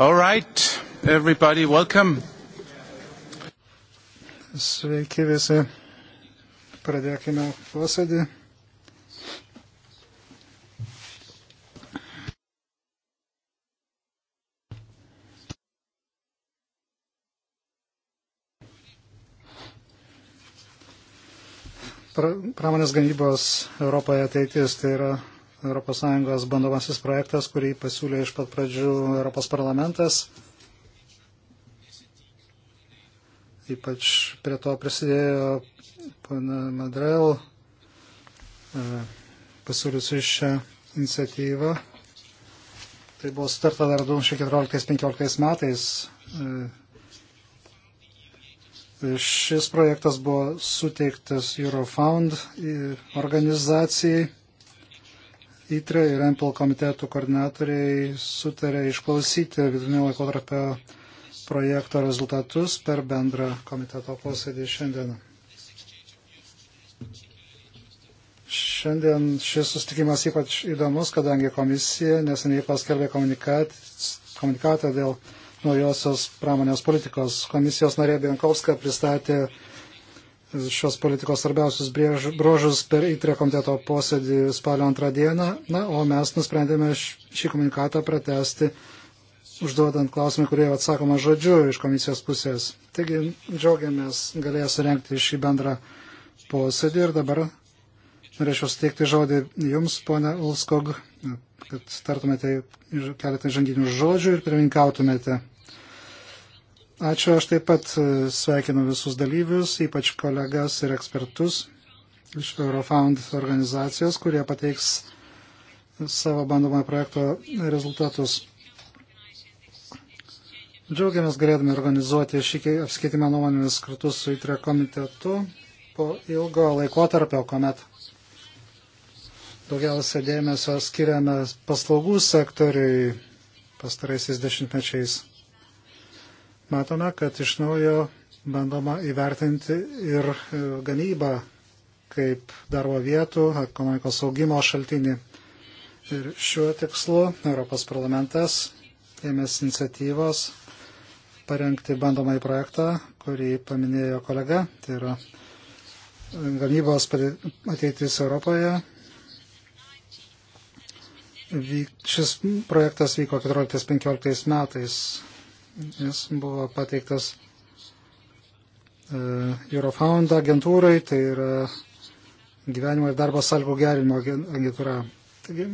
All right, everybody, welcome. Sveiki visi. Pradėkime posėdį. Pramonės gamybos Europoje ateitis tai yra ES bandomasis projektas, kurį pasiūlė iš pat pradžių Europos parlamentas. Ypač prie to prisidėjo pana Madrel e, pasiūliusi šią iniciatyvą. Tai buvo sutarta dar 2014-2015 metais. E, šis projektas buvo suteiktas Eurofound e, organizacijai ITRE ir MPL komitetų koordinatoriai sutarė išklausyti vidutinio laikotarpio projekto rezultatus per bendrą komiteto posėdį šiandien. Šiandien šis sustikimas ypač įdomus, kadangi komisija neseniai paskelbė komunikat, komunikatą dėl naujosios pramonės politikos. Komisijos narė Bienkovska pristatė šios politikos svarbiausius brožus per įtrio komiteto posėdį spalio antrą dieną. Na, o mes nusprendėme šį komunikatą pratesti, užduodant klausimą, kurie atsakoma žodžiu iš komisijos pusės. Taigi, džiaugiamės galėję surenkti šį bendrą posėdį ir dabar norėčiau suteikti žodį Jums, ponė Ulskog, kad startumėte keletą žanginių žodžių ir pirmininkautumėte Ačiū, aš taip pat e, sveikinu visus dalyvius, ypač kolegas ir ekspertus iš Eurofound organizacijos, kurie pateiks savo bandomą projekto rezultatus. Džiaugiamės galėdami organizuoti šį apskaitimą nuomonėmis kartu su ITRE komitetu po ilgo laikotarpio, kuomet daugiausia dėmesio skiriame paslaugų sektoriui pastaraisiais dešimtmečiais matome, kad iš naujo bandoma įvertinti ir e, gamybą kaip darbo vietų, ekonomikos augimo šaltinį. Ir šiuo tikslu Europos parlamentas ėmės iniciatyvos parengti bandomąjį projektą, kurį paminėjo kolega, tai yra e, gamybos ateitis Europoje. Šis projektas vyko 14-15 metais Jis buvo pateiktas e, Eurofound agentūrai, tai yra gyvenimo ir darbo salgų gerinimo agentūra. Taigi,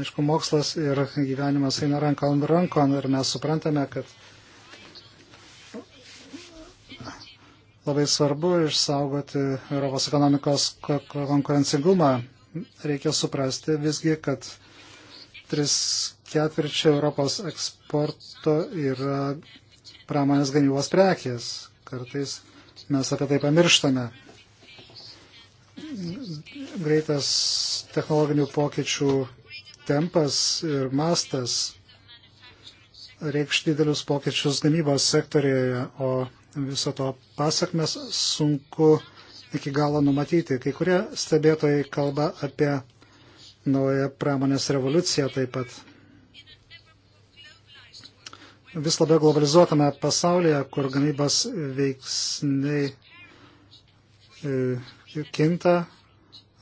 aišku, mokslas ir gyvenimas eina ranką ant rankon ir mes suprantame, kad labai svarbu išsaugoti Europos ekonomikos konkurencingumą. Reikia suprasti visgi, kad tris ketvirčio Europos eksporto yra pramonės gamybos prekės. Kartais mes apie tai pamirštame. Greitas technologinių pokyčių tempas ir mastas reikš didelius pokyčius gamybos sektorijoje, o viso to pasakmes sunku iki galo numatyti. Kai kurie stebėtojai kalba apie naują pramonės revoliuciją taip pat. Vis labiau globalizuotame pasaulyje, kur gamybos veiksniai e, kinta,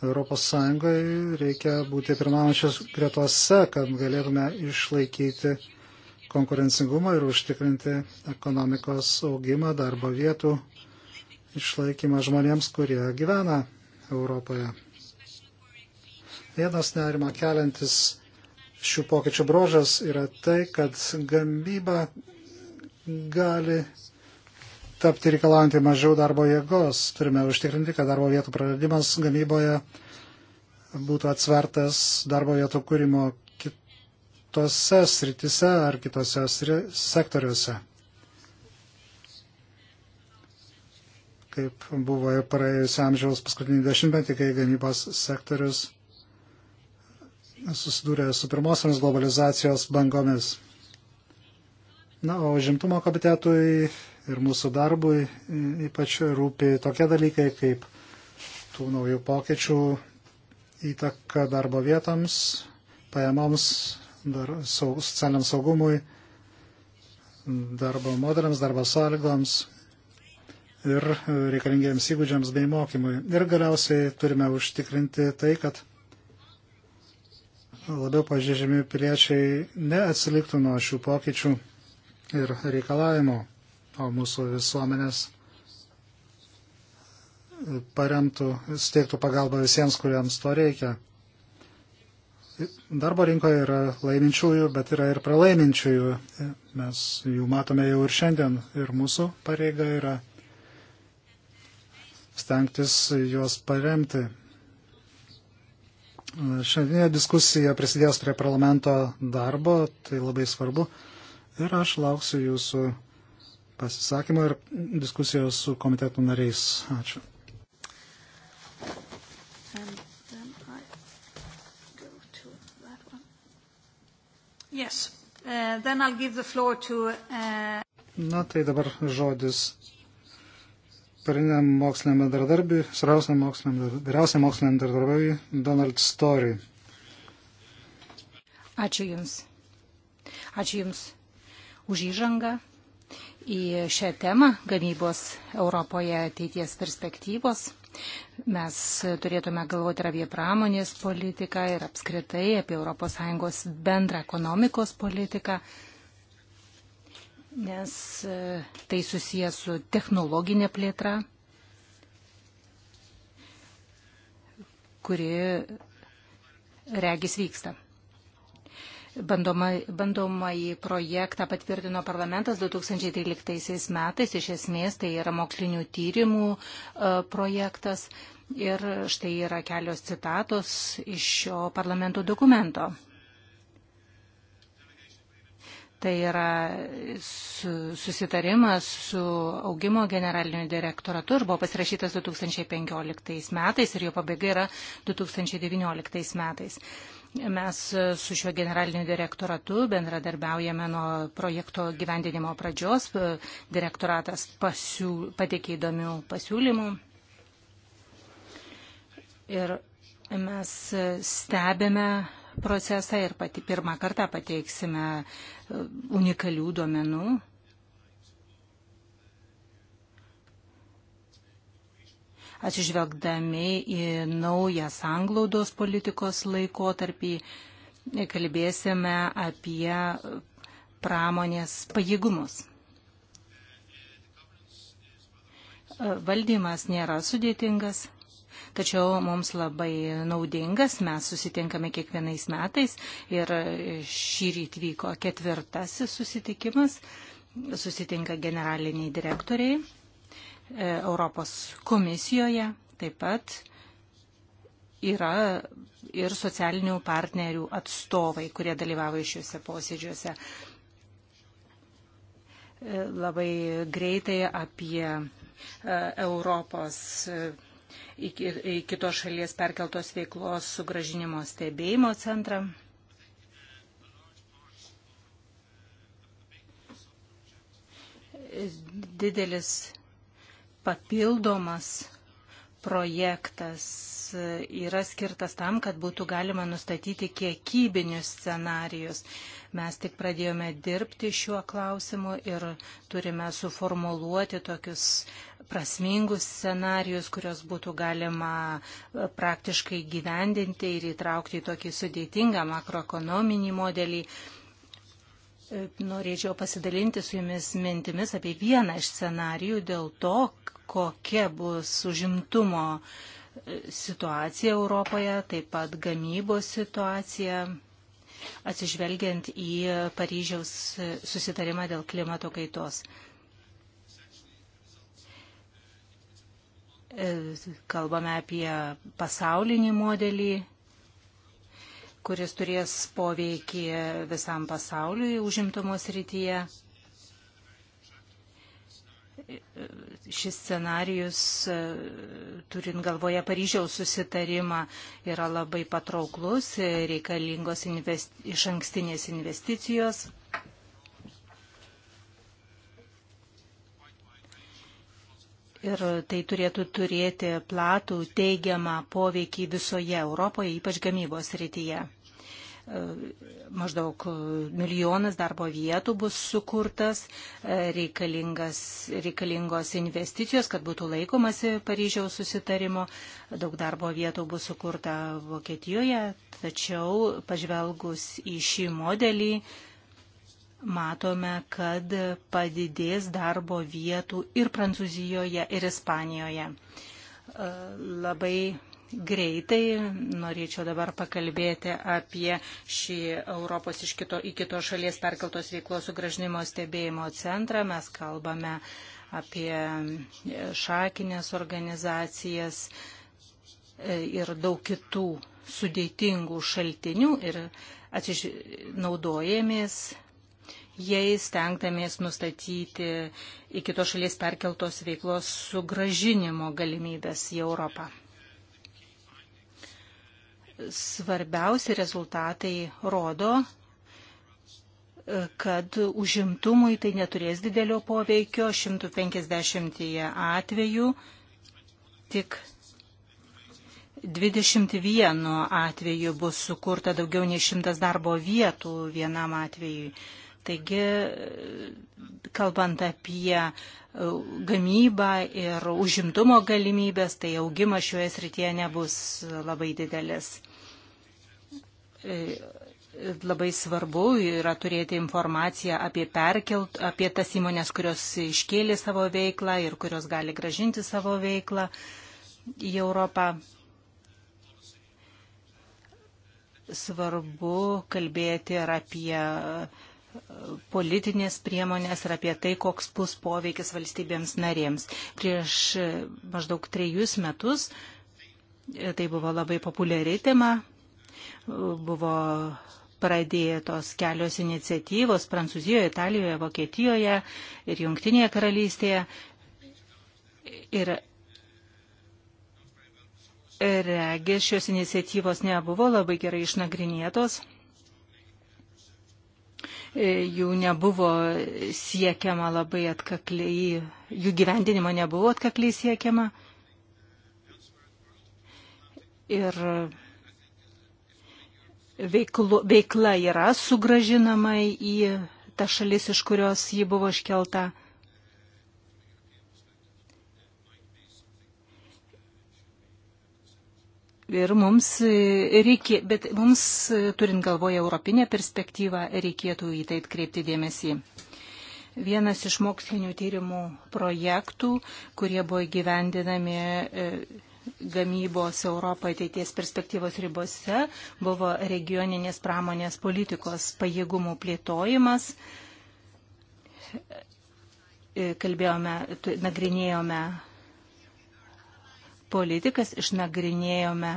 Europos Sąjungai reikia būti pirmaujančios gretuose, kad galėtume išlaikyti konkurencingumą ir užtikrinti ekonomikos augimą, darbo vietų išlaikymą žmonėms, kurie gyvena Europoje. Vienas nerima keliantis šių pokyčių brožas yra tai, kad gamyba gali tapti reikalaujantį mažiau darbo jėgos. Turime užtikrinti, kad darbo vietų praradimas gamyboje būtų atsvertas darbo vietų kūrimo kitose sritise ar kitose sektoriuose. Kaip buvo ir praėjusio amžiaus paskutinį dešimtmetį, kai gamybos sektorius susidūrė su pirmosiomis globalizacijos bangomis. Na, o žimtumo komitetui ir mūsų darbui ypač rūpi tokie dalykai kaip tų naujų pokyčių įtaka darbo vietoms, pajamoms, dar, saug, socialiniam saugumui, darbo modeliams, darbo sąlygoms ir reikalingiems įgūdžiams bei mokymui. Ir galiausiai turime užtikrinti tai, kad labiau pažeidžiami piliečiai neatsiliktų nuo šių pokyčių ir reikalavimų, o mūsų visuomenės paremtų, steigtų pagalbą visiems, kuriems to reikia. Darbo rinkoje yra laiminčiųjų, bet yra ir pralaiminčiųjų. Mes jų matome jau ir šiandien. Ir mūsų pareiga yra stengtis juos paremti Šiandieninė diskusija prisidės prie parlamento darbo, tai labai svarbu. Ir aš lauksiu jūsų pasisakymų ir diskusijos su komitetų nariais. Ačiū. Yes. Uh, to, uh... Na tai dabar žodis spariniam moksliniam bendradarbiui, svarbiausiam moksliniam, vyriausiam moksliniam bendradarbiui Donald Story. Ačiū Jums. Ačiū Jums už įžangą į šią temą gamybos Europoje ateities perspektyvos. Mes turėtume galvoti ir apie pramonės politiką ir apskritai apie ES bendrą ekonomikos politiką nes e, tai susijęs su technologinė plėtra, kuri regis vyksta. Bandoma, bandoma į projektą patvirtino parlamentas 2013 metais, iš esmės tai yra mokslinių tyrimų e, projektas ir štai yra kelios citatos iš šio parlamento dokumento. Tai yra susitarimas su augimo generaliniu direktoratu ir buvo pasirašytas 2015 metais ir jo pabaiga yra 2019 metais. Mes su šiuo generaliniu direktoratu bendradarbiaujame nuo projekto gyvendinimo pradžios. Direktoratas pasiū, pateikė įdomių pasiūlymų. Ir mes stebime procesą ir pati pirmą kartą pateiksime e, unikalių duomenų. Atsižvelgdami į naują sanglaudos politikos laikotarpį, kalbėsime apie pramonės pajėgumus. E, valdymas nėra sudėtingas tačiau mums labai naudingas. Mes susitinkame kiekvienais metais ir šį rytį vyko ketvirtasis susitikimas. Susitinka generaliniai direktoriai e, Europos komisijoje taip pat yra ir socialinių partnerių atstovai, kurie dalyvavo šiuose posėdžiuose. E, labai greitai apie e, Europos į, į kitos šalies perkeltos veiklos sugražinimo stebėjimo centrą. Didelis papildomas projektas yra skirtas tam, kad būtų galima nustatyti kiekybinius scenarius. Mes tik pradėjome dirbti šiuo klausimu ir turime suformuluoti tokius prasmingus scenarius, kurios būtų galima praktiškai gyvendinti ir įtraukti į tokį sudėtingą makroekonominį modelį. Norėčiau pasidalinti su jumis mintimis apie vieną iš scenarijų dėl to, kokia bus užimtumo e, situacija Europoje, taip pat gamybos situacija, atsižvelgiant į Paryžiaus susitarimą dėl klimato kaitos. E, kalbame apie pasaulinį modelį, kuris turės poveikį visam pasauliui užimtumos rytyje. E, šis scenarius, e, turint galvoje Paryžiaus susitarimą, yra labai patrauklus, e, reikalingos invest... iš ankstinės investicijos. Ir tai turėtų turėti platų teigiamą poveikį visoje Europoje, ypač gamybos rytyje maždaug milijonas darbo vietų bus sukurtas, e, reikalingos investicijos, kad būtų laikomasi Paryžiaus susitarimo, daug darbo vietų bus sukurta Vokietijoje, tačiau pažvelgus į šį modelį, matome, kad padidės darbo vietų ir Prancūzijoje, ir Ispanijoje. E, labai greitai. Norėčiau dabar pakalbėti apie šį Europos iš kito, į kitos šalies perkeltos veiklos sugražinimo stebėjimo centrą. Mes kalbame apie šakinės organizacijas e, ir daug kitų sudėtingų šaltinių ir atsiž... naudojamės jais stengdamės nustatyti į kitos šalies perkeltos veiklos sugražinimo galimybės į Europą svarbiausi rezultatai rodo, kad užimtumui tai neturės didelio poveikio 150 atvejų, tik 21 atveju bus sukurta daugiau nei 100 darbo vietų vienam atvejui. Taigi, kalbant apie uh, gamybą ir užimtumo galimybės, tai augimas šioje srityje nebus labai didelis. E, labai svarbu yra turėti informaciją apie perkelt, apie tas įmonės, kurios iškėlė savo veiklą ir kurios gali gražinti savo veiklą į Europą. Svarbu kalbėti ir apie e, politinės priemonės ir apie tai, koks bus poveikis valstybėms narėms. Prieš e, maždaug trejus metus tai buvo labai populiari tema Buvo pradėtos kelios iniciatyvos Prancūzijoje, Italijoje, Vokietijoje ir Junktinėje karalystėje. Ir regis šios iniciatyvos nebuvo labai gerai išnagrinėtos. Jų nebuvo siekiama labai atkakliai, jų gyvendinimo nebuvo atkakliai siekiama. Ir veiklu, veikla yra sugražinama į tą šalis, iš kurios ji buvo iškelta. Ir mums reikia, bet mums, turint galvoje europinę perspektyvą, reikėtų į tai atkreipti dėmesį. Vienas iš mokslinių tyrimų projektų, kurie buvo gyvendinami e, gamybos Europoje ateities perspektyvos ribose buvo regioninės pramonės politikos pajėgumų plėtojimas. E, kalbėjome, nagrinėjome politikas, išnagrinėjome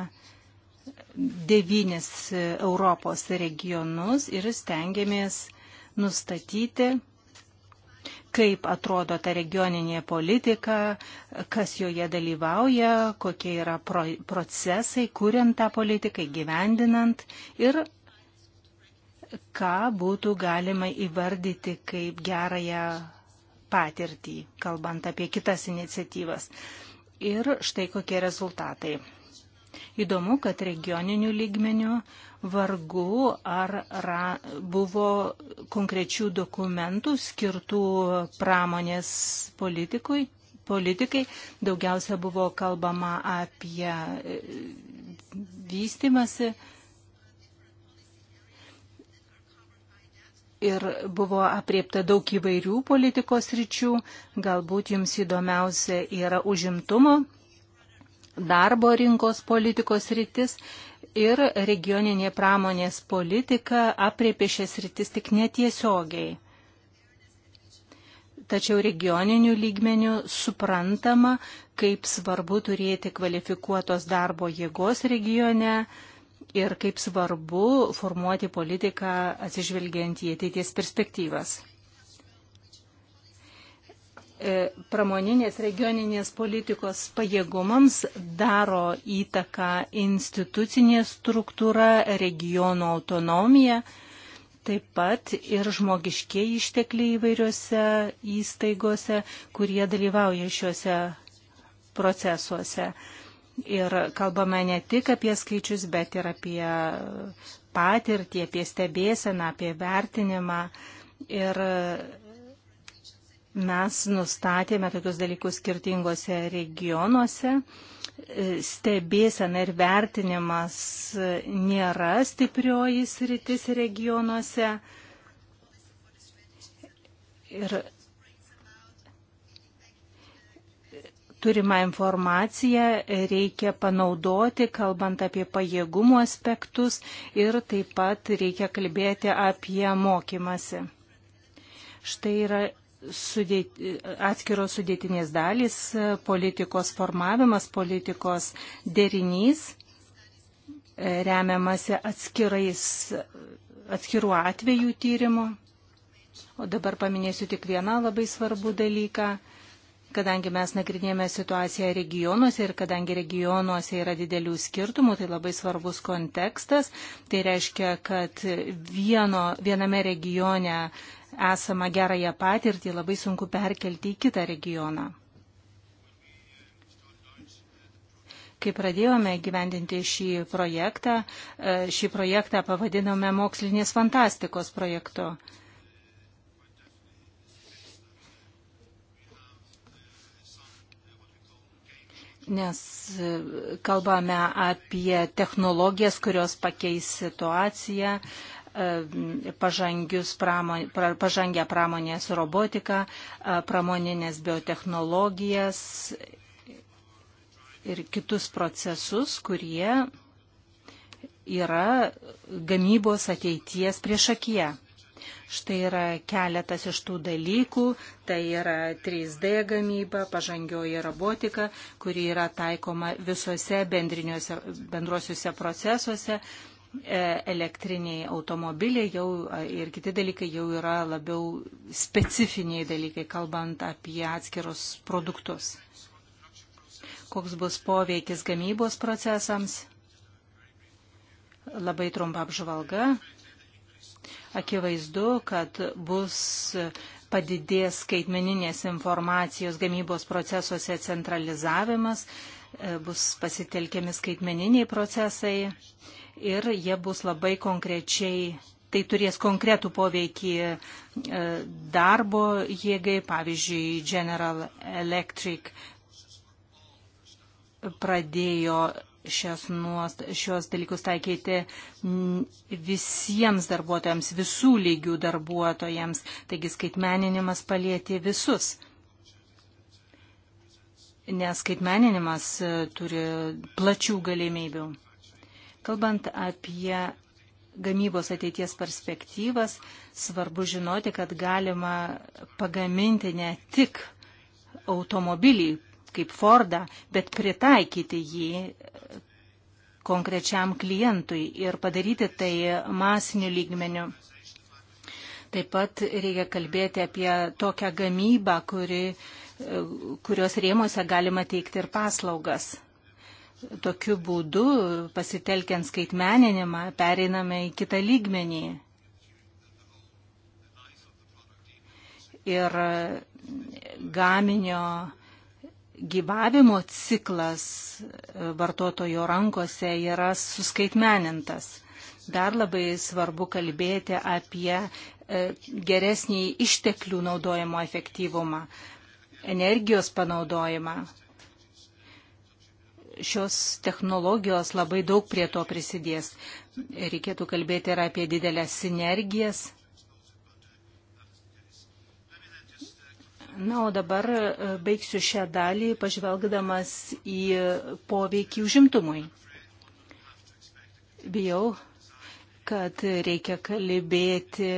devynis Europos regionus ir stengiamės nustatyti kaip atrodo ta regioninė politika, kas joje dalyvauja, kokie yra pro, procesai, kuriant tą politiką, gyvendinant ir ką būtų galima įvardyti kaip gerąją patirtį, kalbant apie kitas iniciatyvas. Ir štai kokie rezultatai. Įdomu, kad regioninių lygmenių vargu ar ra, buvo konkrečių dokumentų skirtų pramonės politikui, politikai. Daugiausia buvo kalbama apie e, vystimasi. ir buvo apriepta daug įvairių politikos ryčių. Galbūt jums įdomiausia yra užimtumo darbo rinkos politikos rytis ir regioninė pramonės politika apriepė šias rytis tik netiesiogiai. Tačiau regioninių lygmenių suprantama, kaip svarbu turėti kvalifikuotos darbo jėgos regione ir kaip svarbu formuoti politiką atsižvelgiant į ateities perspektyvas. E, pramoninės regioninės politikos pajėgumams daro įtaką institucinė struktūra, regiono autonomija, taip pat ir žmogiškiai ištekliai įvairiose įstaigose, kurie dalyvauja šiuose procesuose. Ir kalbame ne tik apie skaičius, bet ir apie patirtį, apie stebėseną, apie vertinimą. Ir Mes nustatėme tokius dalykus skirtingose regionuose. E, stebėsena ir vertinimas nėra stiprioji sritis regionuose. Ir turimą informaciją reikia panaudoti, kalbant apie pajėgumų aspektus ir taip pat reikia kalbėti apie mokymasi. Štai yra sudėt, atskiros sudėtinės dalys, politikos formavimas, politikos derinys, e, remiamasi atskirais, atskirų atvejų tyrimo. O dabar paminėsiu tik vieną labai svarbų dalyką kadangi mes nagrinėjame situaciją regionuose ir kadangi regionuose yra didelių skirtumų, tai labai svarbus kontekstas. Tai reiškia, kad vieno, viename regione esamą gerąją patirtį labai sunku perkelti į kitą regioną. Kai pradėjome gyvendinti šį projektą, e, šį projektą pavadinome mokslinės fantastikos projektu. nes e, kalbame apie technologijas, kurios pakeis situaciją, pažangius pramon, pra, pažangę pramonės robotiką, pramoninės biotehnologijas ir kitus procesus, kurie yra gamybos ateities priešakyje. Štai yra keletas iš tų dalykų, tai yra 3D gamyba, pažangioji robotika, kuri yra taikoma visose bendrosiuose procesuose, E, elektriniai automobiliai jau e, ir kiti dalykai jau yra labiau specifiniai dalykai, kalbant apie atskirus produktus. Koks bus poveikis gamybos procesams? Labai trumpa apžvalga. Akivaizdu, kad bus padidės skaitmeninės informacijos gamybos procesuose centralizavimas, e, bus pasitelkiami skaitmeniniai procesai ir jie bus labai konkrečiai, tai turės konkretų poveikį e, darbo jėgai, pavyzdžiui, General Electric pradėjo šios, nuost, šios dalykus taikyti visiems darbuotojams, visų lygių darbuotojams, taigi skaitmeninimas palėti visus nes skaitmeninimas e, turi plačių galimybių. Kalbant apie gamybos ateities perspektyvas, svarbu žinoti, kad galima pagaminti ne tik automobilį kaip Fordą, bet pritaikyti jį konkrečiam klientui ir padaryti tai masiniu lygmeniu. Taip pat reikia kalbėti apie tokią gamybą, kuri, kurios rėmose galima teikti ir paslaugas. Tokiu būdu, pasitelkiant skaitmeninimą, pereiname į kitą lygmenį. Ir gaminio gyvavimo ciklas vartotojo rankose yra suskaitmenintas. Dar labai svarbu kalbėti apie e, geresnį išteklių naudojimo efektyvumą, energijos panaudojimą šios technologijos labai daug prie to prisidės. Reikėtų kalbėti ir apie didelės sinergijas. Na, o dabar e, baigsiu šią dalį pažvelgdamas į poveikį užimtumui. Bijau, kad reikia kalbėti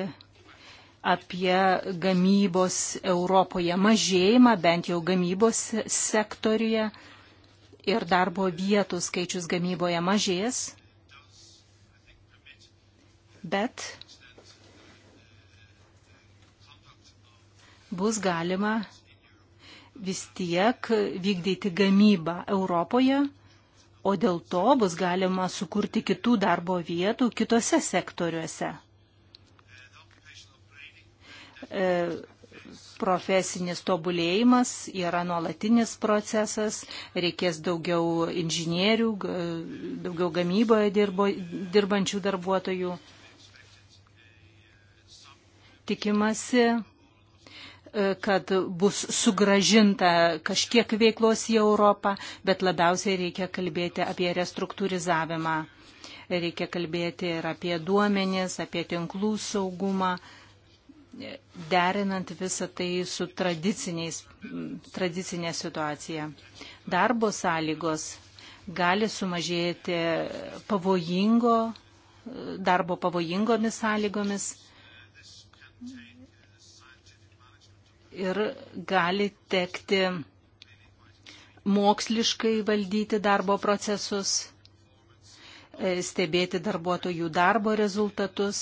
apie gamybos Europoje mažėjimą, bent jau gamybos sektoriuje ir darbo vietų skaičius gamyboje mažės, bet bus galima vis tiek vykdyti gamybą Europoje, o dėl to bus galima sukurti kitų darbo vietų kitose sektoriuose e, profesinis tobulėjimas yra nuolatinis procesas, reikės daugiau inžinierių, daugiau gamyboje dirbo, dirbančių darbuotojų. Tikimasi, e, kad bus sugražinta kažkiek veiklos į Europą, bet labiausiai reikia kalbėti apie restruktūrizavimą. Reikia kalbėti ir apie duomenis, apie tinklų saugumą derinant visą tai su tradicinė situacija. Darbo sąlygos gali sumažėti pavojingo, darbo pavojingomis sąlygomis ir gali tekti moksliškai valdyti darbo procesus, stebėti darbuotojų darbo rezultatus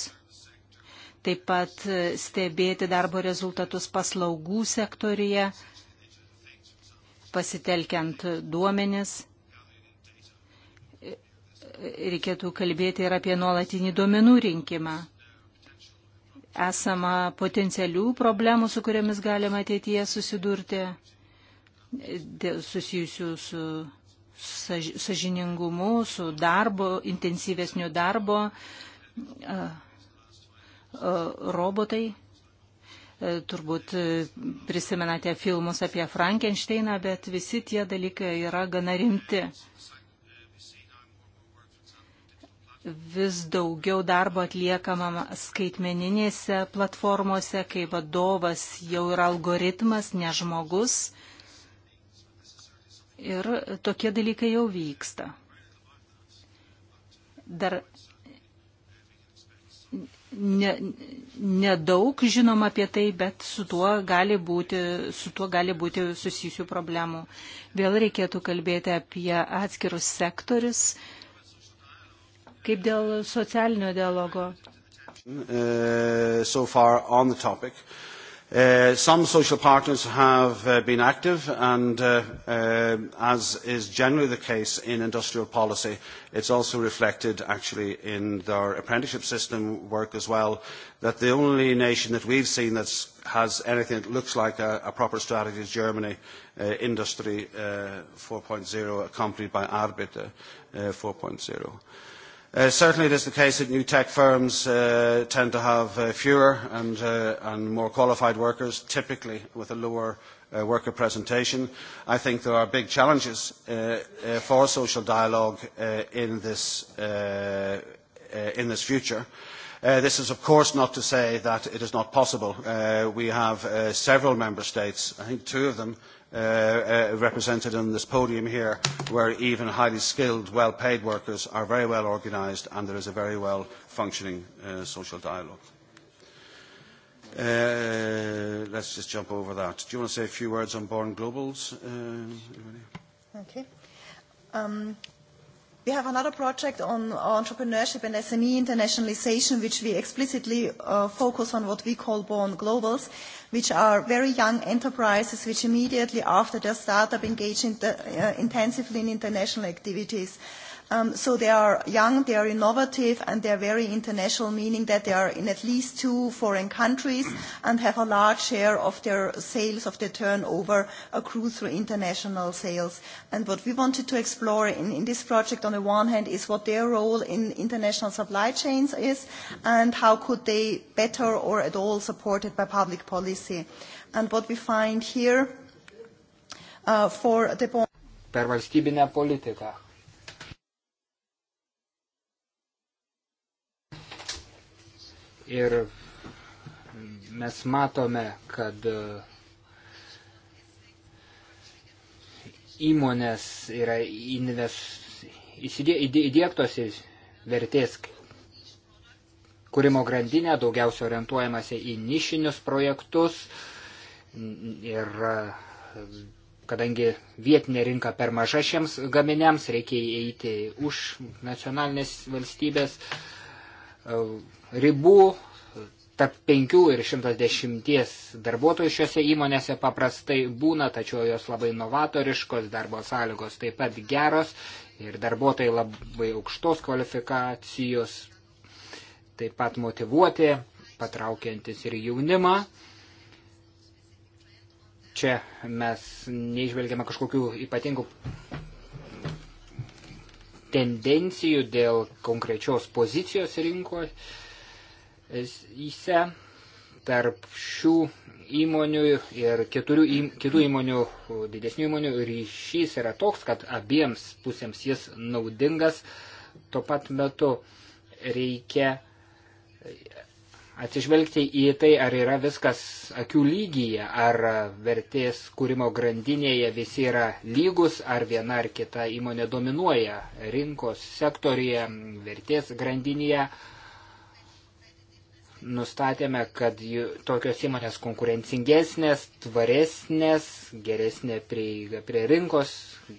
taip pat stebėti darbo rezultatus paslaugų sektorija, pasitelkiant duomenis. Reikėtų kalbėti ir apie nuolatinį duomenų rinkimą. Esama potencialių problemų, su kuriamis galima ateityje susidurti, susijusių su sažiningumu, su darbo, intensyvesniu darbo, E, robotai. E, turbūt e, prisimenate filmus apie Frankensteiną, bet visi tie dalykai yra gana rimti. Vis daugiau darbo atliekama skaitmeninėse platformose, kai vadovas jau yra algoritmas, ne žmogus. Ir tokie dalykai jau vyksta. Dar nedaug ne, ne žinoma apie tai, bet su tuo, gali būti, su tuo gali būti susijusių problemų. Vėl reikėtų kalbėti apie atskirus sektorius, kaip dėl socialinio dialogo. Uh, so Uh, some social partners have uh, been active and, uh, uh, as is generally the case in industrial policy, it's also reflected actually in our apprenticeship system work as well, that the only nation that we've seen that has anything that looks like a, a proper strategy is Germany, uh, Industry uh, 4.0, accompanied by Arbeiter uh, 4.0. Uh, certainly it is the case that new tech firms uh, tend to have uh, fewer and, uh, and more qualified workers, typically with a lower uh, worker presentation. I think there are big challenges uh, uh, for social dialogue uh, in, this, uh, uh, in this future. Uh, this is of course not to say that it is not possible. Uh, we have uh, several member states, I think two of them, uh, uh, represented on this podium here, where even highly skilled, well-paid workers are very well organised and there is a very well-functioning uh, social dialogue. Uh, let's just jump over that. Do you want to say a few words on Born Globals? Uh, anybody? okay. Um, We have another project on entrepreneurship and SME internationalization, which we explicitly uh, focus on what we call born globals, which are very young enterprises which immediately after their startup engage in the, uh, intensively in international activities. Uh, Um, so they are young, they are innovative, and they are very international, meaning that they are in at least two foreign countries and have a large share of their sales, of their turnover, accrued through international sales. And what we wanted to explore in, in this project, on the one hand, is what their role in international supply chains is, and how could they better or at all supported by public policy. And what we find here uh, for the per valstybinę politiką Ir mes matome, kad e, įmonės yra invest... įdėktos į vertės kūrimo grandinę, daugiausia orientuojamasi į nišinius projektus ir e, kadangi vietinė rinka per maža šiems gaminiams, reikia įeiti už nacionalinės valstybės e, ribų, tarp 5 ir 110 darbuotojų šiuose įmonėse paprastai būna, tačiau jos labai novatoriškos, darbo sąlygos taip pat geros ir darbuotojai labai aukštos kvalifikacijos, taip pat motivuoti, patraukiantis ir jaunimą. Čia mes neižvelgiame kažkokių ypatingų tendencijų dėl konkrečios pozicijos rinkoje įse tarp šių įmonių ir keturių, į, kitų įmonių, didesnių įmonių ryšys yra toks, kad abiems pusėms jis naudingas. Tuo pat metu reikia atsižvelgti į tai, ar yra viskas akių lygyje, ar vertės kūrimo grandinėje visi yra lygus, ar viena ar kita įmonė dominuoja rinkos sektorija, vertės grandinėje nustatėme, kad tokios įmonės konkurencingesnės, tvaresnės, geresnė prieiga prie rinkos,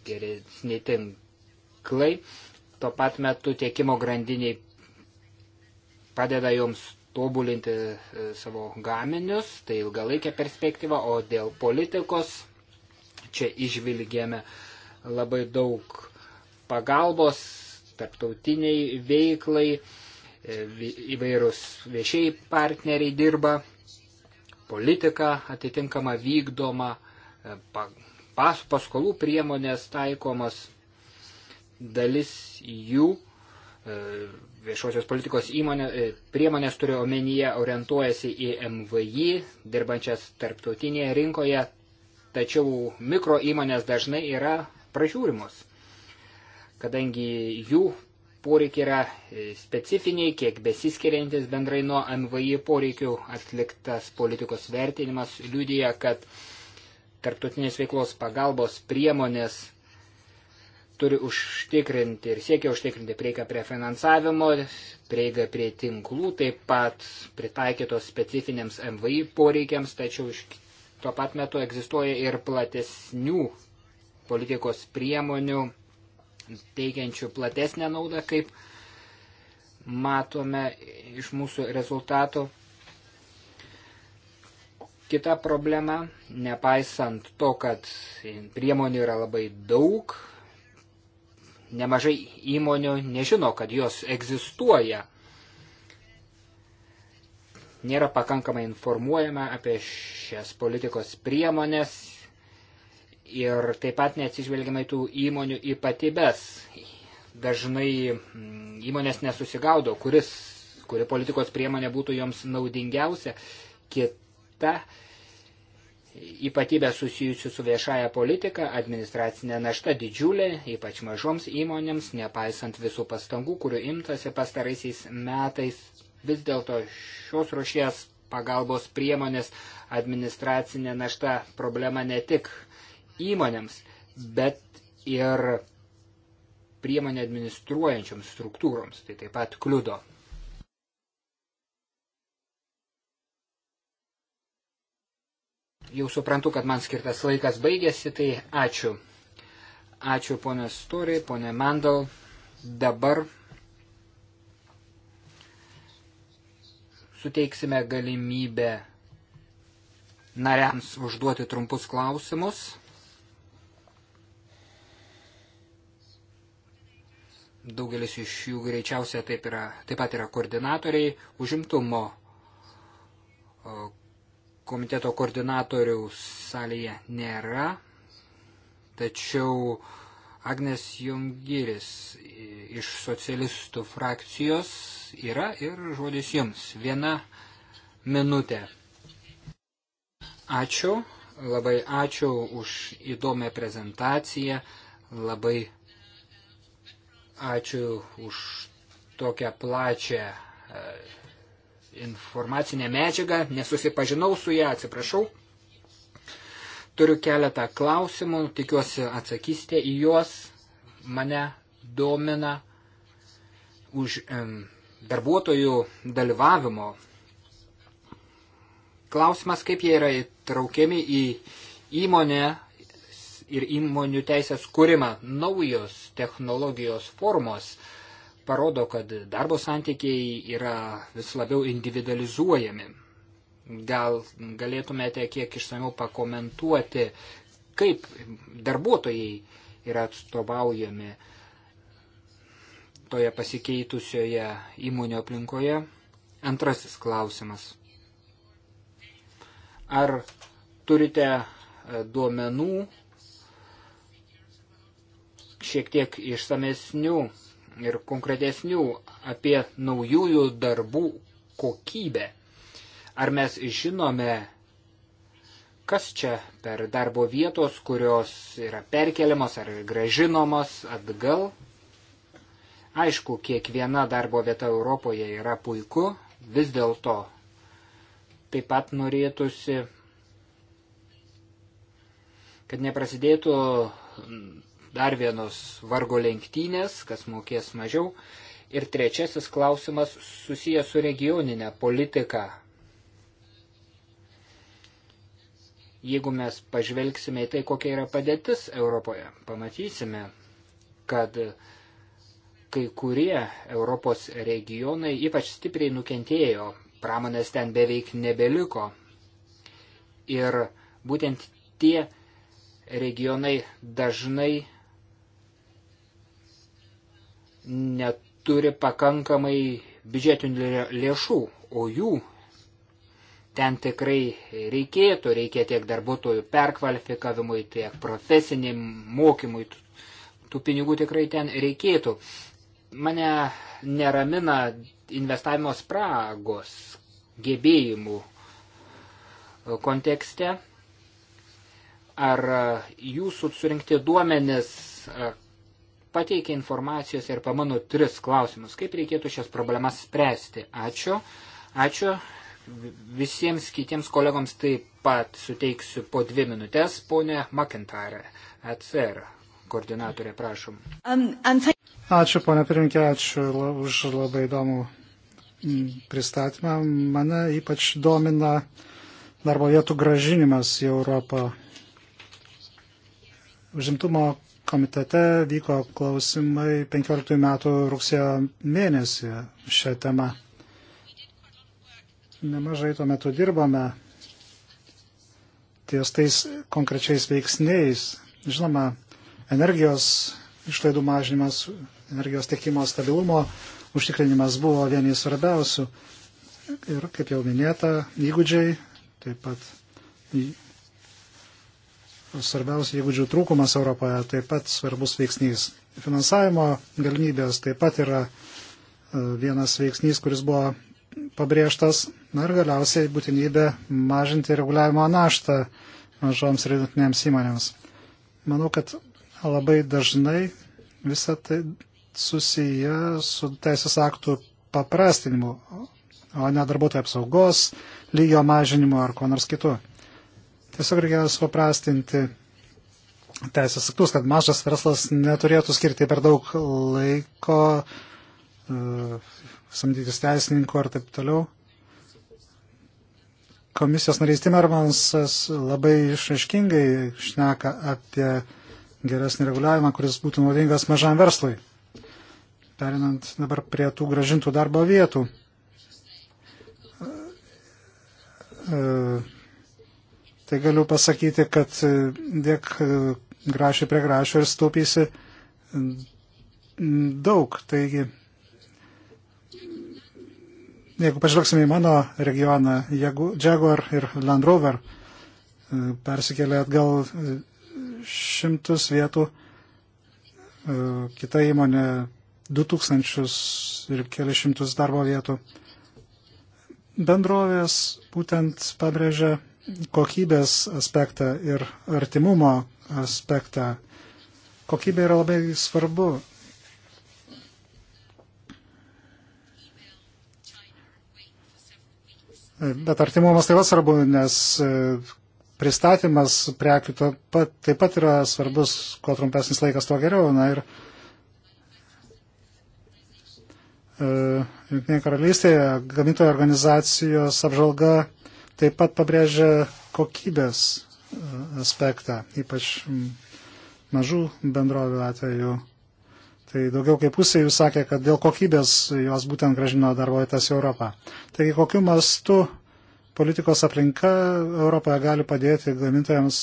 geresni tinklai. Tuo pat metu tiekimo grandiniai padeda joms tobulinti e, savo gaminius, tai ilgalaikė perspektyva, o dėl politikos čia išvilgėme labai daug pagalbos tarptautiniai veiklai E, įvairūs viešiai partneriai dirba, politika atitinkama vykdoma, e, pas, paskolų priemonės taikomas, dalis jų e, viešosios politikos įmonė, priemonės turiu omenyje orientuojasi į MVI, dirbančias tarptautinėje rinkoje, tačiau mikro įmonės dažnai yra pražiūrimos, kadangi jų poreikiai yra e, specifiniai, kiek besiskiriantis bendrai nuo MVI poreikių atliktas politikos vertinimas liudyja, kad tarptautinės veiklos pagalbos priemonės turi užtikrinti ir siekia užtikrinti prieigą prie finansavimo, prieigą prie tinklų, taip pat pritaikytos specifiniams MVI poreikiams, tačiau iš tuo pat metu egzistuoja ir platesnių politikos priemonių teikiančių platesnę naudą, kaip matome iš mūsų rezultatų. Kita problema, nepaisant to, kad priemonių yra labai daug, nemažai įmonių nežino, kad jos egzistuoja nėra pakankamai informuojama apie šias politikos priemonės, ir taip pat neatsižvelgiamai tų įmonių ypatybės. Dažnai mm, įmonės nesusigaudo, kuris, kuri politikos priemonė būtų joms naudingiausia, kita ypatybė susijusi su viešaja politika, administracinė našta didžiulė, ypač mažoms įmonėms, nepaisant visų pastangų, kurių imtasi pastaraisiais metais. Vis dėlto šios rušies pagalbos priemonės administracinė našta problema ne tik įmonėms, bet ir priemonę administruojančioms struktūroms. Tai taip pat kliudo. Jau suprantu, kad man skirtas laikas baigėsi, tai ačiū. Ačiū ponė Storiai, ponė Mandal. Dabar suteiksime galimybę nariams užduoti trumpus klausimus. Daugelis iš jų greičiausia taip, yra, taip pat yra koordinatoriai užimtumo komiteto koordinatoriaus salėje nėra, tačiau Agnes Jungiris iš socialistų frakcijos yra ir žodis jums. Viena minutė. Ačiū, labai ačiū už įdomią prezentaciją, labai Ačiū už tokią plačią e, informacinę medžiagą. Nesusipažinau su ją, atsiprašau. Turiu keletą klausimų, tikiuosi atsakysite į juos. Mane domina už darbuotojų dalyvavimo klausimas, kaip jie yra įtraukiami į įmonę ir įmonių teisės kūrimą. Naujos technologijos formos parodo, kad darbo santykiai yra vis labiau individualizuojami. Gal galėtumėte kiek išsamiau pakomentuoti, kaip darbuotojai yra atstovaujami toje pasikeitusioje įmonių aplinkoje. Antrasis klausimas. Ar turite e, duomenų šiek tiek išsamesnių ir konkretesnių apie naujųjų darbų kokybę. Ar mes žinome, kas čia per darbo vietos, kurios yra perkeliamos ar gražinamos atgal? Aišku, kiekviena darbo vieta Europoje yra puiku, vis dėlto taip pat norėtųsi, kad neprasidėtų dar vienos vargo lenktynės, kas mokės mažiau. Ir trečiasis klausimas susijęs su regioninė politika. Jeigu mes pažvelgsime į tai, kokia yra padėtis Europoje, pamatysime, kad kai kurie Europos regionai ypač stipriai nukentėjo, pramonės ten beveik nebeliko. Ir būtent tie regionai dažnai neturi pakankamai biudžetinių lėšų, o jų ten tikrai reikėtų, reikia tiek darbuotojų perkvalifikavimui, tiek profesiniam mokymui, tų pinigų tikrai ten reikėtų. Mane neramina investavimo spragos gebėjimų kontekste. Ar jūsų surinkti duomenis pateikė informacijos ir pa mano tris klausimus, kaip reikėtų šias problemas spręsti. Ačiū. Ačiū visiems kitiems kolegoms taip pat suteiksiu po dvi minutės, ponė McIntyre, ECR koordinatorė, prašom. Um, ačiū, ponė pirminkė, ačiū už labai įdomų pristatymą. Mane ypač domina darbo vietų gražinimas į Europą. Užimtumo komitete vyko klausimai 15 metų rugsėjo mėnesį šią temą. Nemažai tuo metu dirbame ties tais konkrečiais veiksniais. Žinoma, energijos išlaidų mažinimas, energijos tiekimo stabilumo užtikrinimas buvo vieni svarbiausių. Ir, kaip jau minėta, įgūdžiai, taip pat svarbiausių įgūdžių trūkumas Europoje taip pat svarbus veiksnys. Finansavimo galimybės taip pat yra e, vienas veiksnys, kuris buvo pabrėžtas. Na ir galiausiai būtinybė mažinti reguliavimo naštą mažoms ir vidutinėms įmonėms. Manau, kad labai dažnai visą tai susiję su teisės aktų paprastinimu, o ne darbuotojų apsaugos, lygio mažinimu ar ko nors kitu. Tiesiog reikia suprastinti teisės aktus, kad mažas verslas neturėtų skirti per daug laiko, e, samdytis teisininkų ar taip toliau. Komisijos narys Timermansas labai išraiškingai šneka apie geresnį reguliavimą, kuris būtų naudingas mažam verslui. Perinant dabar prie tų gražintų darbo vietų. E, tai galiu pasakyti, kad e, dėk e, grašiai prie grašio ir staupysi daug. Taigi, jeigu pažvelgsime į mano regioną, jeigu Jaguar ir Land Rover e, persikėlė atgal šimtus vietų, kita įmonė 2000 ir kelišimtus darbo vietų. Bendrovės būtent pabrėžia kokybės aspektą ir artimumo aspektą. Kokybė yra labai svarbu. Bet artimumas taip pat svarbu, nes e, pristatymas prekių taip pat yra svarbus, kuo trumpesnis laikas, tuo geriau. Na ir e, Junktinėje karalystėje gamintojų organizacijos apžalga taip pat pabrėžia kokybės e, aspektą, ypač mažų bendrovių atveju. Tai daugiau kaip pusė jų sakė, kad dėl kokybės jos būtent gražino darbo vietas į Europą. Taigi kokiu mastu politikos aplinka Europoje gali padėti gamintojams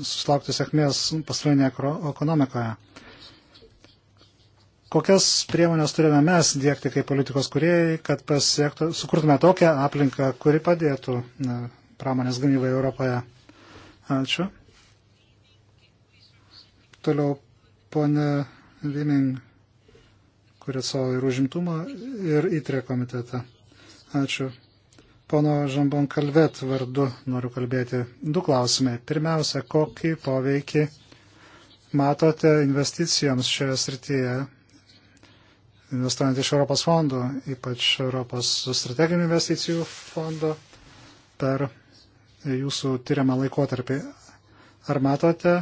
susilaukti sėkmės pasaulinėje ekonomikoje kokias priemonės turime mes dėkti kaip politikos kuriejai, kad pasiektų, sukurtume tokią aplinką, kuri padėtų na, pramonės gamybai Europoje. Ačiū. Toliau ponė Viming, kuri atsavo ir užimtumą, ir įtrė e komitetą. Ačiū. Pono Žambon Kalvet vardu noriu kalbėti. Du klausimai. Pirmiausia, kokį poveikį matote investicijoms šioje srityje investuojant iš Europos fondo, ypač Europos strateginių investicijų fondo per jūsų tyriamą laikotarpį. Ar matote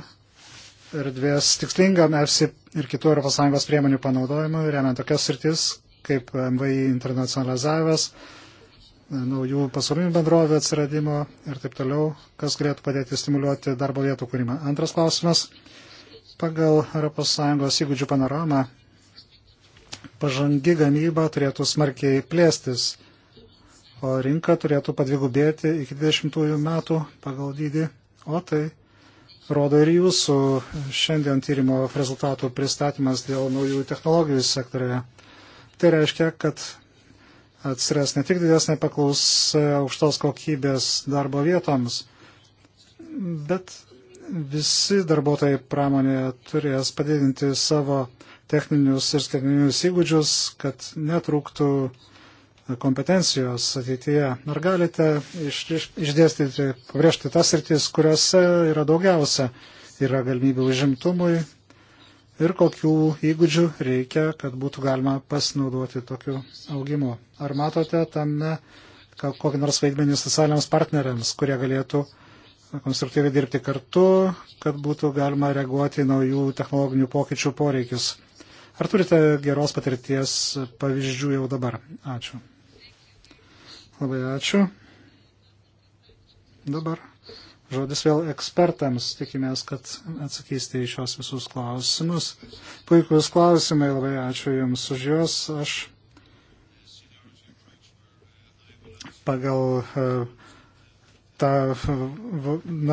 erdvės tikslingam EFSI ir kitų ES priemonių panaudojimui, remiant tokias sritis kaip MVI internacionalizavęs, naujų pasaulinių bendrovių atsiradimo ir taip toliau, kas galėtų padėti stimuliuoti darbo vietų kūrimą. Antras klausimas. Pagal ES įgūdžių panoramą pažangi gamyba turėtų smarkiai plėstis, o rinka turėtų padvigubėti iki 20 metų pagal dydį, o tai rodo ir jūsų šiandien tyrimo rezultatų pristatymas dėl naujų technologijų sektorioje. Tai reiškia, kad atsiras ne tik didesnė paklausa aukštos kokybės darbo vietoms, bet visi darbuotojai pramonėje turės padidinti savo techninius ir skaitmeninius įgūdžius, kad netrūktų kompetencijos ateityje. Ar galite iš, iš, išdėstyti, pabrėžti tas rytis, kuriuose yra daugiausia, yra galimybių užimtumui ir kokių įgūdžių reikia, kad būtų galima pasinaudoti tokiu augimu. Ar matote tame kokį nors vaidmenį socialiniams partneriams, kurie galėtų konstruktyviai dirbti kartu, kad būtų galima reaguoti naujų technologinių pokyčių poreikius. Ar turite geros patirties pavyzdžių jau dabar? Ačiū. Labai ačiū. Dabar žodis vėl ekspertams. Tikimės, kad atsakysite į šios visus klausimus. Puikus klausimai, labai ačiū Jums už juos. Aš pagal e, tą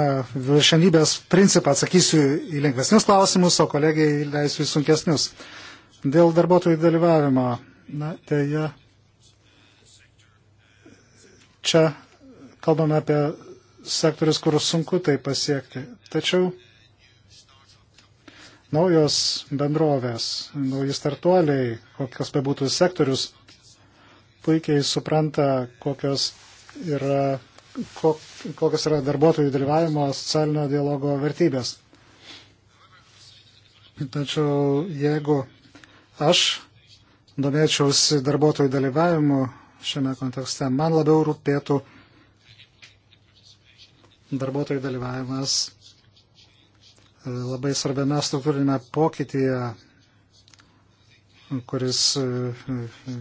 na, viršenybės principą atsakysiu į lengvesnius klausimus, o kolegijai leisiu į sunkesnius. Dėl darbuotojų dalyvavimo, na, dėja, čia kalbame apie sektorius, kur sunku tai pasiekti. Tačiau naujos bendrovės, nauji startuoliai, kokios bebūtų sektorius, puikiai supranta, kokios yra, kok, kokios yra darbuotojų dalyvavimo socialinio dialogo vertybės. Tačiau jeigu Aš domėčiausi darbuotojų dalyvavimu šiame kontekste. Man labiau rūpėtų darbuotojų dalyvavimas e, labai svarbiame struktūrinėme pokytyje, kuris e,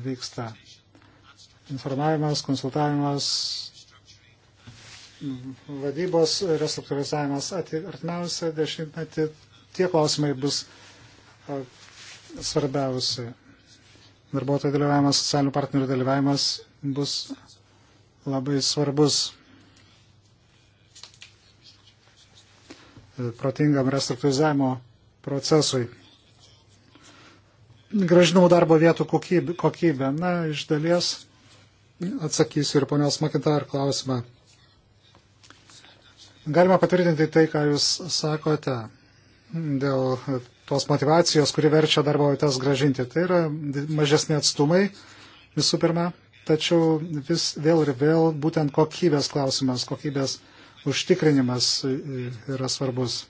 vyksta. Informavimas, konsultavimas, vadybos restruktūrizavimas artimiausią dešimtmetį tie klausimai bus e, svarbiausi. Darbuotojų dalyvavimas, socialinių partnerių dalyvavimas bus labai svarbus protingam restruktūrizavimo procesui. Gražinau darbo vietų kokybę. Na, iš dalies atsakysiu ir ponios Makintar klausimą. Galima patvirtinti tai, ką jūs sakote dėl tos motivacijos, kuri verčia darbo vietas gražinti. Tai yra mažesni atstumai visų pirma, tačiau vis vėl ir vėl būtent kokybės klausimas, kokybės užtikrinimas yra svarbus.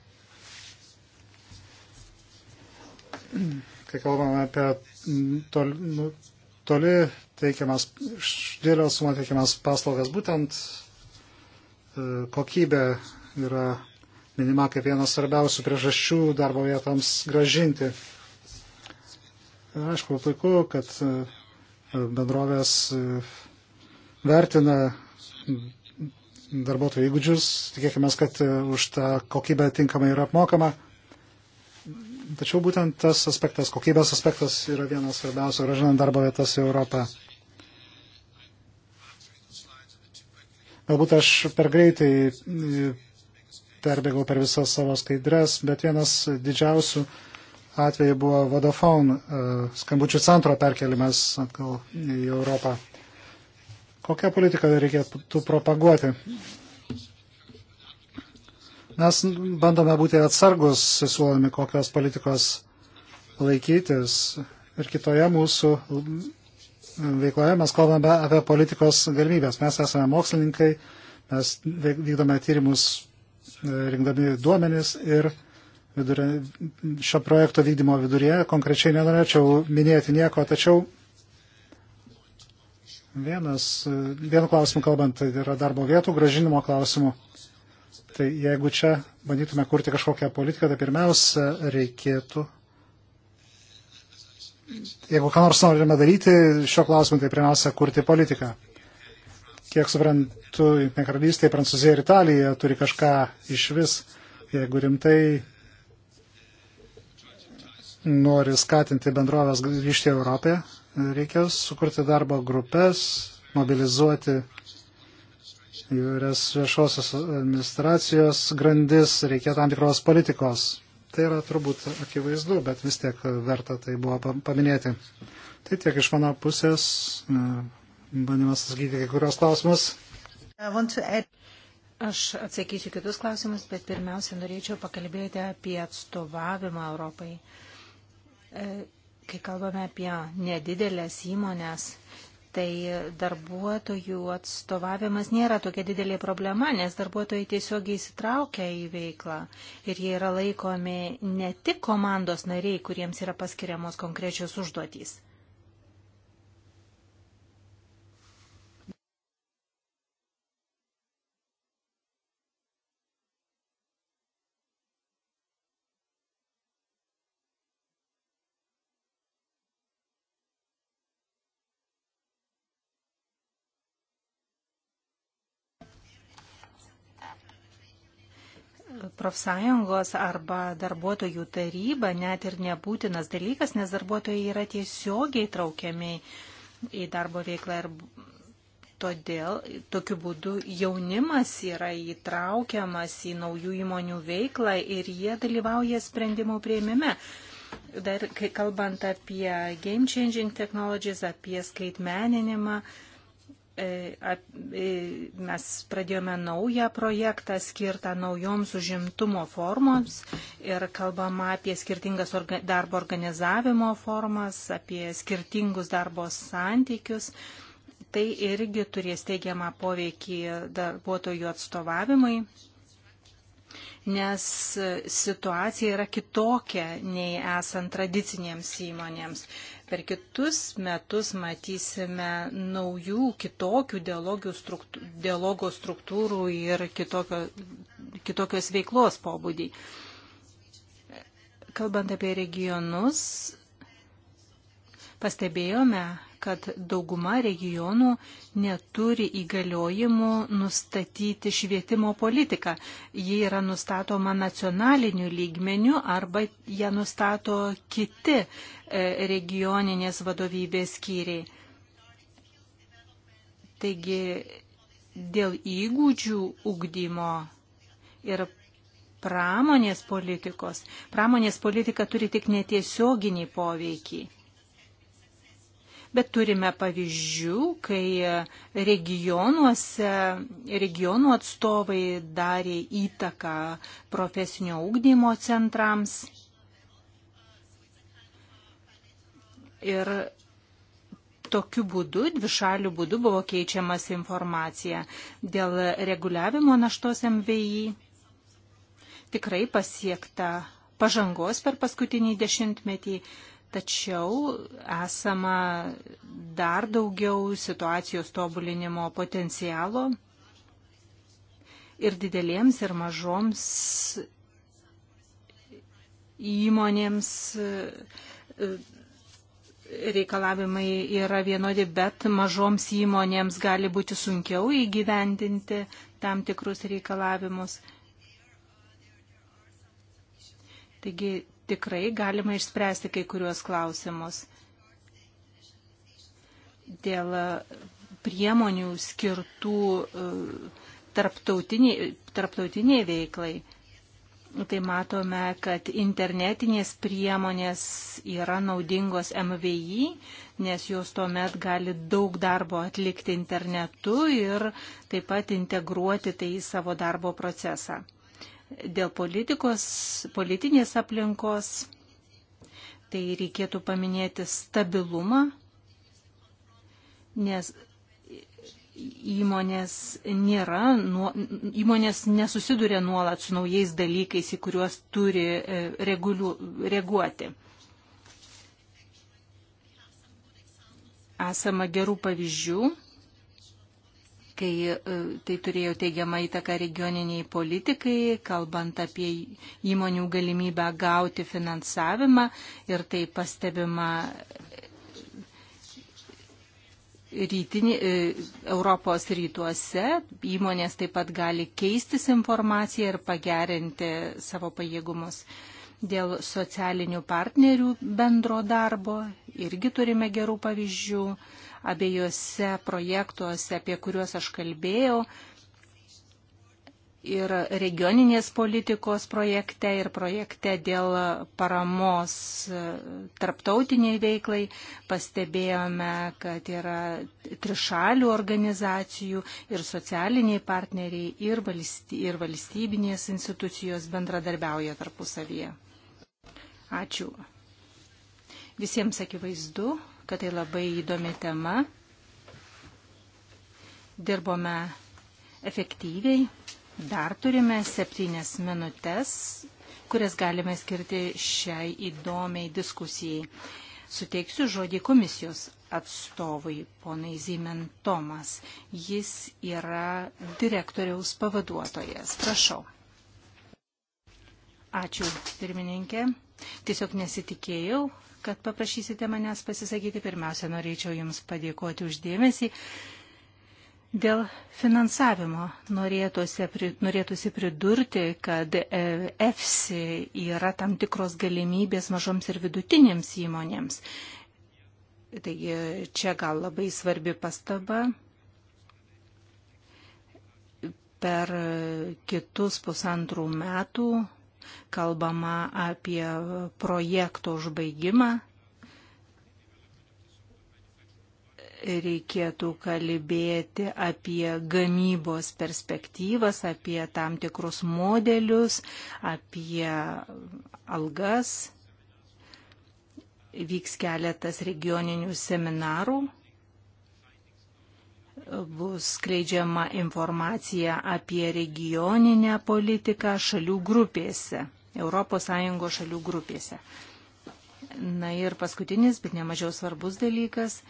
Kai kalbame apie toli, nu, toli teikiamas, dėlio sumą teikiamas paslaugas, būtent e, kokybė yra minima kaip vienas svarbiausių priežasčių darbo vietoms gražinti. Ir aišku, puiku, kad e, bendrovės e, vertina darbuotojų įgūdžius, tikėkime, kad e, už tą kokybę tinkamai yra apmokama. Tačiau būtent tas aspektas, kokybės aspektas yra vienas svarbiausių, gražinant darbo vietas į Europą. Galbūt aš per greitai perbėgau per visas savo skaidres, bet vienas didžiausių atvejų buvo Vodafone e, skambučių centro perkelimas atgal į Europą. Kokią politiką reikėtų propaguoti? Mes bandome būti atsargus, siūlomi kokios politikos laikytis. Ir kitoje mūsų veikloje mes kalbame apie politikos galimybės. Mes esame mokslininkai, mes vykdome tyrimus rinkdami duomenis ir vidurė, šio projekto vykdymo viduryje. Konkrečiai nenorėčiau minėti nieko, tačiau vienas, vienu klausimu kalbant, tai yra darbo vietų gražinimo klausimu. Tai jeigu čia bandytume kurti kažkokią politiką, tai pirmiausia reikėtų. Jeigu ką nors norime daryti šiuo klausimu, tai pirmiausia kurti politiką. Kiek suprantu, Junktinė karalystė, Prancūzija ir Italija turi kažką iš vis, jeigu rimtai nori skatinti bendrovės grįžti į Europę, reikia sukurti darbo grupės, mobilizuoti įvairias viešosios administracijos grandis, reikia tam tikros politikos. Tai yra turbūt akivaizdu, bet vis tiek verta tai buvo paminėti. Tai tiek iš mano pusės bandymas atsakyti kai kurios klausimus. Aš atsakysiu kitus klausimus, bet pirmiausia norėčiau pakalbėti apie atstovavimą Europai. E, kai kalbame apie nedidelės įmonės, tai darbuotojų atstovavimas nėra tokia didelė problema, nes darbuotojai tiesiog įsitraukia į veiklą ir jie yra laikomi ne tik komandos nariai, kuriems yra paskiriamos konkrečios užduotys. profsąjungos arba darbuotojų taryba net ir nebūtinas dalykas, nes darbuotojai yra tiesiogiai traukiami į darbo veiklą ir todėl tokiu būdu jaunimas yra įtraukiamas į naujų įmonių veiklą ir jie dalyvauja sprendimų prieimime. Dar kai kalbant apie game changing technologies, apie skaitmeninimą, uh, E, e, mes pradėjome naują projektą skirtą naujoms užimtumo formoms ir kalbama apie skirtingas darbo organizavimo formas, apie skirtingus darbo santykius. Tai irgi turės teigiamą poveikį darbuotojų atstovavimui nes situacija yra kitokia nei esant tradicinėms įmonėms. Per kitus metus matysime naujų, kitokių struktūrų, dialogo struktūrų ir kitokio, kitokios veiklos pobūdį. Kalbant apie regionus, Pastebėjome, kad dauguma regionų neturi įgaliojimų nustatyti švietimo politiką. Ji yra nustatoma nacionaliniu lygmeniu arba ją nustato kiti e, regioninės vadovybės skyriai. Taigi dėl įgūdžių ugdymo ir pramonės politikos. Pramonės politika turi tik netiesioginį poveikį bet turime pavyzdžių, kai regionuose, regionų atstovai darė įtaką profesinio ūkdymo centrams. Ir tokiu būdu, dvišalių būdu buvo keičiamas informacija dėl reguliavimo naštos MVI. Tikrai pasiekta pažangos per paskutinį dešimtmetį Tačiau esama dar daugiau situacijos tobulinimo potencialo ir didelėms ir mažoms įmonėms e, reikalavimai yra vienodi, bet mažoms įmonėms gali būti sunkiau įgyvendinti tam tikrus reikalavimus. Taigi tikrai galima išspręsti kai kuriuos klausimus dėl e, priemonių skirtų e, tarptautiniai, tarptautiniai veiklai. Tai matome, kad internetinės priemonės yra naudingos MVI, nes jos tuomet gali daug darbo atlikti internetu ir taip pat integruoti tai į savo darbo procesą dėl politikos, politinės aplinkos, tai reikėtų paminėti stabilumą, nes įmonės nėra, nuo, įmonės nesusiduria nuolat su naujais dalykais, į kuriuos turi e, reguliu, reaguoti. Esama gerų pavyzdžių kai e, tai turėjo teigiamą įtaką regioniniai politikai, kalbant apie įmonių galimybę gauti finansavimą ir tai pastebima rytinį, e, Europos rytuose. Įmonės taip pat gali keistis informaciją ir pagerinti savo pajėgumus. Dėl socialinių partnerių bendro darbo irgi turime gerų pavyzdžių abiejose projektuose, apie kuriuos aš kalbėjau, ir regioninės politikos projekte, ir projekte dėl paramos tarptautiniai veiklai. Pastebėjome, kad yra trišalių organizacijų ir socialiniai partneriai, ir, valsty, ir valstybinės institucijos bendradarbiauja tarpusavyje. Ačiū. Visiems akivaizdu, kad tai labai įdomi tema. Dirbome efektyviai. Dar turime septynias minutės, kurias galime skirti šiai įdomiai diskusijai. Suteiksiu žodį komisijos atstovui, ponai Zimen Tomas. Jis yra direktoriaus pavaduotojas. Prašau. Ačiū, pirmininkė. Tiesiog nesitikėjau, kad paprašysite manęs pasisakyti. Pirmiausia, norėčiau Jums padėkoti uždėmesį. Dėl finansavimo norėtųsi pridurti, kad EFSI yra tam tikros galimybės mažoms ir vidutinėms įmonėms. Taigi čia gal labai svarbi pastaba. Per kitus pusantrų metų kalbama apie projekto užbaigimą. Reikėtų kalbėti apie gamybos perspektyvas, apie tam tikrus modelius, apie algas. Vyks keletas regioninių seminarų bus skleidžiama informacija apie regioninę politiką šalių grupėse, ES šalių grupėse. Na ir paskutinis, bet nemažiau svarbus dalykas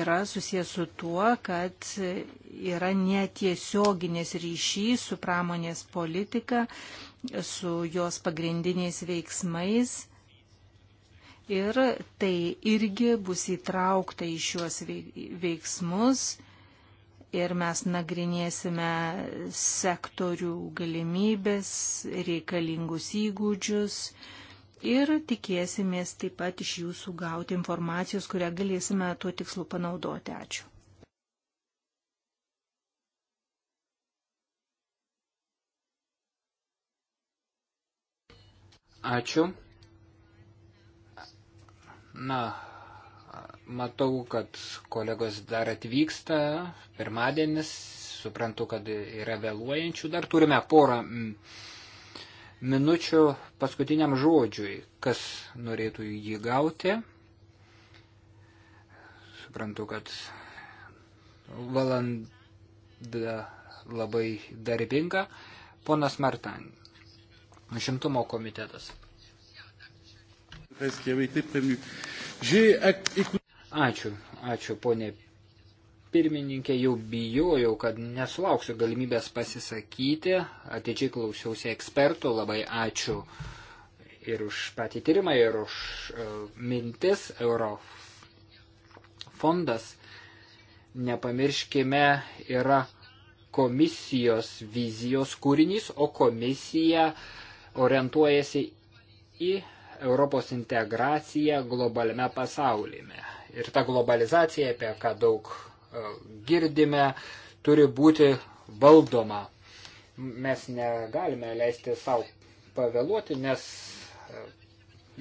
yra susijęs su tuo, kad yra netiesioginis ryšys su pramonės politika, su jos pagrindiniais veiksmais ir tai irgi bus įtraukta į šiuos veiksmus ir mes nagrinėsime sektorių galimybės, reikalingus įgūdžius ir tikėsimės taip pat iš jūsų gauti informacijos, kurią galėsime tuo tikslu panaudoti. Ačiū. Ačiū. Na, matau, kad kolegos dar atvyksta pirmadienis, suprantu, kad yra vėluojančių, dar turime porą minučių paskutiniam žodžiui, kas norėtų jį gauti. Suprantu, kad valanda labai darbinga. Ponas Martan, šimtumo komitetas. Ačiū, ačiū ponė pirmininkė, jau bijojau, kad nesulauksiu galimybės pasisakyti, atidžiai klausiausi ekspertų, labai ačiū ir už patį tyrimą, ir už uh, mintis Eurofondas. Nepamirškime, yra komisijos vizijos kūrinys, o komisija orientuojasi į Europos integraciją globaliame pasaulyme. Ir ta globalizacija, apie ką daug e, girdime, turi būti valdoma. Mes negalime leisti savo pavėluoti, nes e,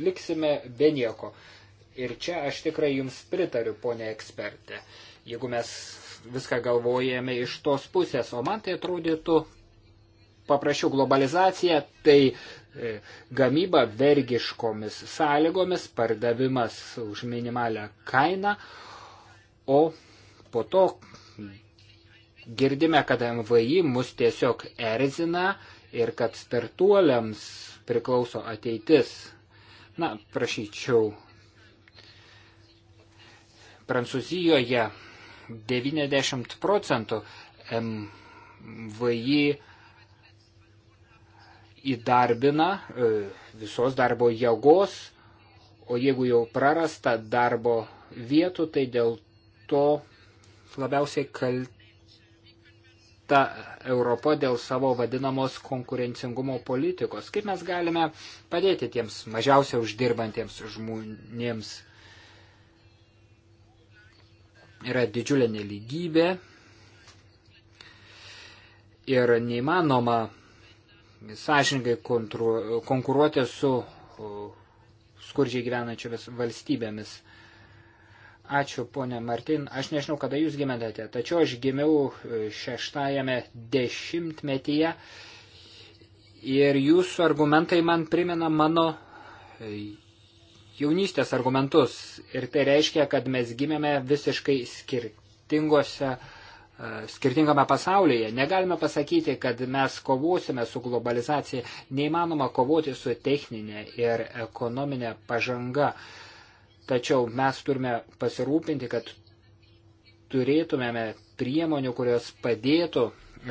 liksime be nieko. Ir čia aš tikrai jums pritariu, ponė ekspertė. Jeigu mes viską galvojame iš tos pusės, o man tai atrodytų paprašiau globalizacija, tai e, gamyba vergiškomis sąlygomis, pardavimas už minimalę kainą, o po to girdime, kad MVI mus tiesiog erzina ir kad startuoliams priklauso ateitis. Na, prašyčiau, Prancūzijoje 90 procentų MVI įdarbina e, visos darbo jėgos, o jeigu jau prarasta darbo vietų, tai dėl to labiausiai kalta Europa dėl savo vadinamos konkurencingumo politikos. Kaip mes galime padėti tiems mažiausiai uždirbantiems žmonėms? Yra didžiulė neligybė ir neįmanoma sąžininkai konkuruoti su skurdžiai gyvenančiomis valstybėmis. Ačiū, ponė Martin. Aš nežinau, kada jūs gimėte, tačiau aš gimiau e, šeštajame dešimtmetyje ir jūsų argumentai man primena mano e, jaunystės argumentus. Ir tai reiškia, kad mes gimėme visiškai skirtingose uh, skirtingame pasaulyje. Negalime pasakyti, kad mes kovosime su globalizacija. Neįmanoma kovoti su techninė ir ekonominė pažanga. Tačiau mes turime pasirūpinti, kad turėtumėme priemonių, kurios padėtų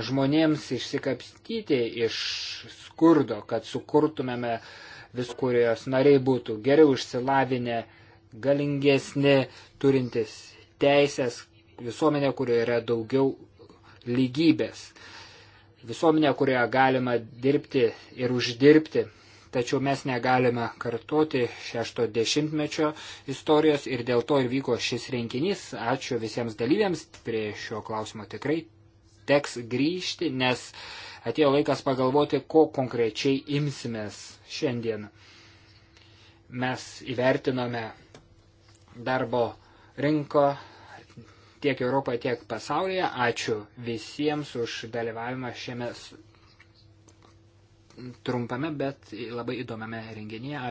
žmonėms išsikapstyti iš skurdo, kad sukurtumėme vis, kurios nariai būtų geriau išsilavinę, galingesni, turintis teisės, visuomenė, kurioje yra daugiau lygybės, visuomenė, kurioje galima dirbti ir uždirbti. Tačiau mes negalime kartoti šešto dešimtmečio istorijos ir dėl to ir vyko šis renginys. Ačiū visiems dalyviams, prie šio klausimo tikrai teks grįžti, nes atėjo laikas pagalvoti, ko konkrečiai imsimės šiandien. Mes įvertinome darbo rinko tiek Europoje, tiek pasaulyje. Ačiū visiems už dalyvavimą šiame trumpame, bet labai įdomiame renginyje.